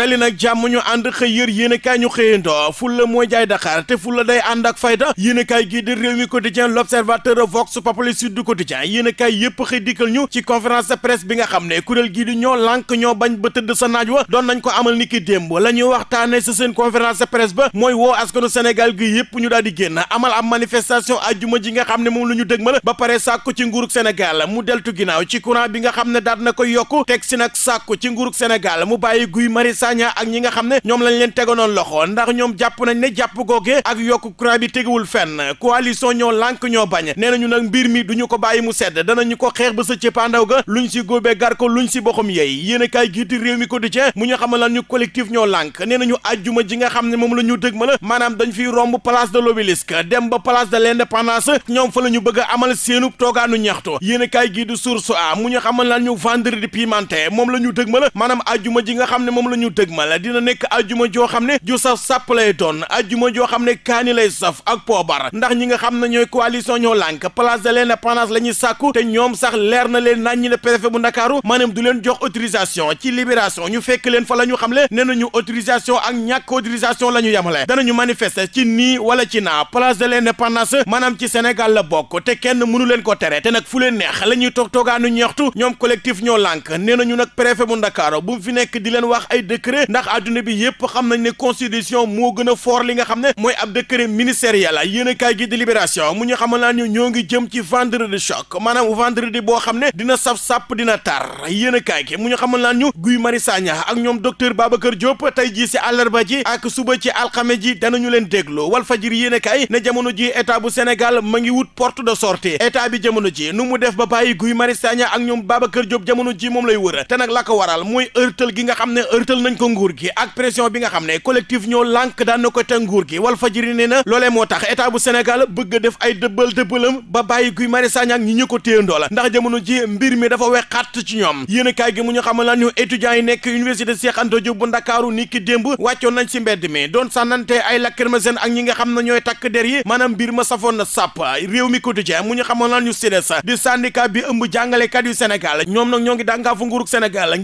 tali nag jàmm ñu ànd xëy yër yéenekaay ñu xëyandoo fulla mooy jaay Dakar te fulla day ànd ak fayda yéenekaay gii di Rewmi Quotidien L'Observateur Vox Populi Sud du Quotidien yéenekaay yépp xëy dikkal ñu ci conférence de presse bi nga xam ne kuréel gii di ñoo lànk ñoo bañ ba tëdd sa naaj wa doon nañ ko amal ni niki démb la ñuy waxtaane sa seen conférence de ba mooy woo askanu Sénégal gi yépp ñu daal di génn amal am manifestation ajjuma ji nga xam ne moom la ñu dëgmal ba pare sàkku ci nguurug Sénégal mu deltu ginnaaw ci courant bi nga xam ne daal na koy yokku teg si nag sàkku ci nguurug Sénégal mu bàyyi Sagna ak ñi nga xam ne ñoom lañ leen tegoonoon loxo ndax ñoom jàpp nañ ne jàpp googe ak yokk courant bi teguwul fenn coalition ñoo lànk ñoo bañ nee nañu nag mbir mi duñu ko bàyyi mu sedd danañu ko xeex ba sa cëppaandaw ga luñ si góobee gar ko luñ si boxam yeey yéen a kaay giiti réew mi quotidien mu ñu xamal ñu collectif ñoo lànk nee nañu àjjuma ji nga xam ne moom la ñu dëg ma la maanaam dañ fiy romb place de l'Obélisque dem ba place de l'Indépendance ñoom a amal a a dëgmal dina a ajjuma joo xam ne ju saf sàpp a doon ajjuma joo xam ne kaani lay saf ak poobar ndax ñi nga xam ne ñooy coalition ñoo lànk place de l'indépendance la ñuy te ñoom sax leer na leen nañ ñi ne préfet bu ndakaaru maanaam du jox autorisation ci libération ñu fekk leen fa la xam le nee nañu autorisation ak ñàkk autorisation la ñu yemale danañu manifester ci nii wala ci naa place de l'indépendance maanaam ci Sénégal la bokk te kenn mënu leen ko te décret ndax adduna bi yëpp xam nañ ne constitution moo gën a fort li nga xam ne mooy ab décret ministériel yéen a kaay gi di libération mu ñu xamal naa ñu ñoo ngi jëm ci vendredi choc maanaam vendredi boo xam ne dina saf sàpp dina tar yéen a kaay gi mu ñu xamal naa ñu Guy Marius Sagna ak ñoom docteur kër Diop tey ji si àllarba ji ak suba ci alxame ji dana ñu leen déglu wal fajir yéen a ne jamono ji état bu Sénégal ma ngi wut porte de sortie état bi jamono ji nu mu def ba bàyyi Guy Marius Sagna ak ñoom Babacar Diop jamono ji moom lay wër te nag la ko waral mooy nga xam ne ërtal na nañ ko nguur gi ak pression bi nga xam ne collectif ñoo lànk daan na ko te nguur gi wal fajiri ne na moo tax état bu bëgg def ay dëbbal dëbbalam ba bàyyi Guy Marius Sagna ak ñi ñu ko téyandoo la ndax jamono ji mbir mi dafa wexaat ci ñoom yéen gi mu ñu xamal ñu étudiants yi nekk université Cheikh Anta Diop bu Ndakaaru ni ki démb wàccoon nañ ci mbedd mi doon sànnante ay lacrymogène ak ñi nga xam ne ñooy takk der yi ma safoon na sàpp réew mi quotidien mu ñu xamal ñu CDES di syndicat bi ëmb jàngalekat yu Sénégal ñoom nag ñoo ngi dàngaa fu nguurug Sénégal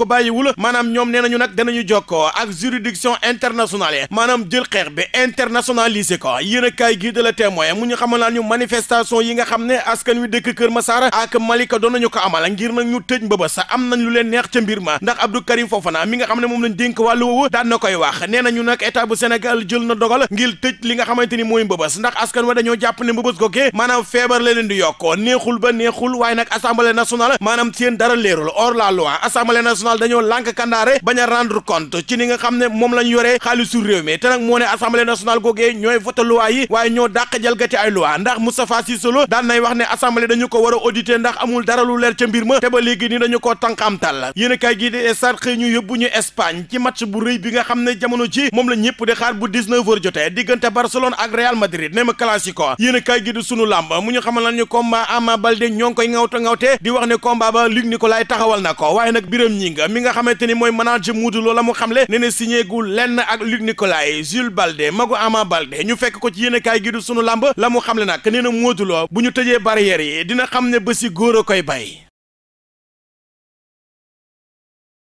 ko bàyyiwul maanaam ñoom nee nañu nag danañu jokkoo ak juridiction internationale maanaam jël xeex bi internationalisé ko yéen a kaay gii de la témoin mu ñu xamal naa ñu manifestation yi nga xam ne askan wi dëkk Kër Massar ak Malika doon nañu ko amal ngir nag ñu tëj mbëbës am nañ lu leen neex ca mbir ma ndax Abdou Karim Fofana mi nga xam ne moom lañ dénk wàllu woowu daan na koy wax nee nañu nag état bu Sénégal jël na dogal ngir tëj li nga xamante ni mooy mbëbës ndax askan wa dañoo jàpp ne mbëbës googee maanaam feebar la leen di yokkoo neexul ba neexul waaye nag assemblée nationale maanaam seen dara leerul hors la loi assemblée nationale dañoo lànk kandaare bañ a rendre compte ci ni nga xam ne moom la ñu xaalisu réew mi te nag moo ne assemblée nationale googee ñooy voté loi yi waaye ñoo dàq jalgati ay loi ndax Moustapha Cissé Lo wax ne assemblée dañu ko war a ndax amul dara lu leer ca mbir ma te ba léegi ni dañu ko tànqamtal yéen a kaay gii di ñu yóbbu ñu Espagne ci match bu rëy bi nga xam ne jamono ji moom la ñëpp di xaar bu 19 jotee diggante Barcelone ak a Dieng mi nga xamante ni mooy manager Modou Lo la mu xamle nee na signé gu lenn ak Luc Nicolaï Jules Balde magu Ama Balde ñu fekk ko ci yéen kaay gi du sunu làmb la mu le na nee na Modou Lo bu ñu tëjee barrières yi dina xam ne ba si góor a koy bay